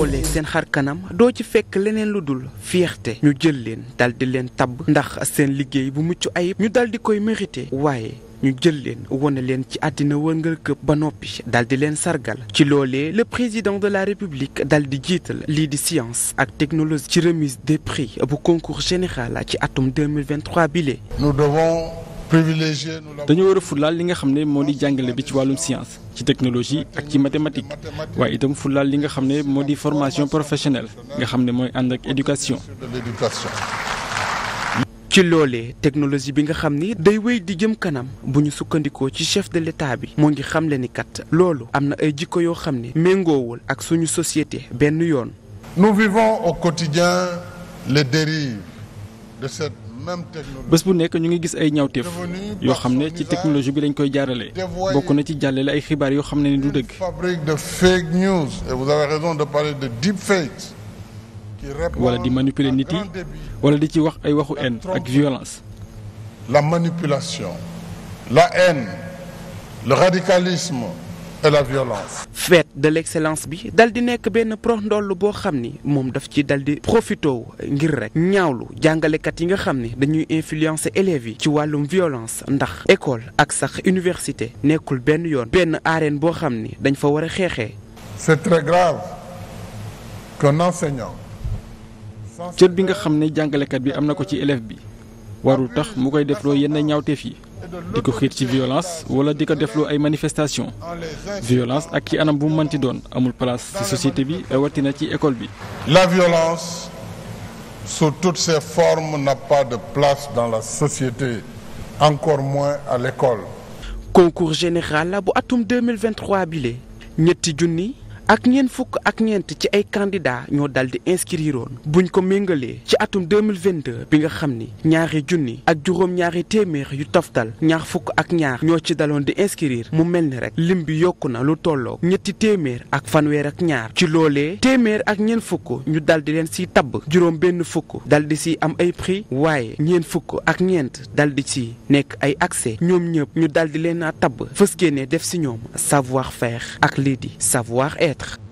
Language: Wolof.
xoolee seen xar kanam doo ci fekk leneen lu dul fierté ñu jël leen dal di leen tabb ndax seen liggéey bu mucc ay ñu dal di koy mérité waaye ñu jël leen wone leen ci àddina wërngal këpp ba noppi dal di leen sargal ci loolee le président de la république dal di jiital lii di science ak technologie ci remise des prix bu concours général ci atum 2023 bile nous devons privilégié dañoo war a fulaal li nga xam ne moo di jàngale bi ci wàllum science ci technologie ak ci mathématique waaye itam fulaal li nga xam ne moo di formation professionnelle nga xam ne mooy ànd ak éducation. ci loolee technologie bi nga xam ni day wéy di jëm kanam bu ñu sukkandikoo ci chef de l'État bi moo ngi xam xamle ni kat loolu am na ay jikko yoo xam ne méngoowul ak suñu société benn yoon. nous vivons au quotidien bés bu nekk ñu ngi gis ay ñawteef yoo xam ne ci technologie bi lañ koy jaaralee bokk na ci jàllale ay xibaar yoo xam ne ni du dëgg. wala di manipuler nit yi wala di ci wax ay waxu haine ak violence. la manipulation la haine le radicalisme et la violence. fête de l'excellence bi dal di nekk benn prox ndoll boo xam ni moom daf ci dal di profitoo ngir rek ñaawlu jàngalekat yi nga xam ni dañuy influencer élèves yi ci wàllum violence ndax école ak sax université nekkul benn yoon benn arène boo xam ni dañ fa war a xeexee. C'est très grave qu'un enseignant. cër bi nga xam ne jàngalekat bi am na ko ci élève bi warul tax mu koy defloo yenn ñaawteef yi. di ko xiir ci violence wala di ko defloo ay manifestation violence ak ci anam bu mu mënti doon amul place ci société bi rawatina ci école bi. la violence sous toutes ses formes n'a pas de place dans la société encore moins à l'école. concours général bu atum 2023 bile ñetti junni. ak ñeent fukk ak ñeent ci ay candidats ñoo dal di bu ñu ko méngalee ci atum 2022 bi nga xam ni ñaari junni ak juróom-ñaari téeméer yu toftal ñaar fukk ak ñaar ñoo ci daloon di inscrire mu mel ni rek lim bi yokku na lu tolloog ñetti téeméer ak fanweer ak ñaar ci loolee téeméer ak ñeent fukk ñu dal di leen siy tabb juróom benn fukk dal di siy am ay prix waaye ñeent fukk ak ñeent dal di siy nekk ay accès ñoom ñëpp ñu dal di leen a tabb fëskee ne def si ñoom savoir faire ak lii di être.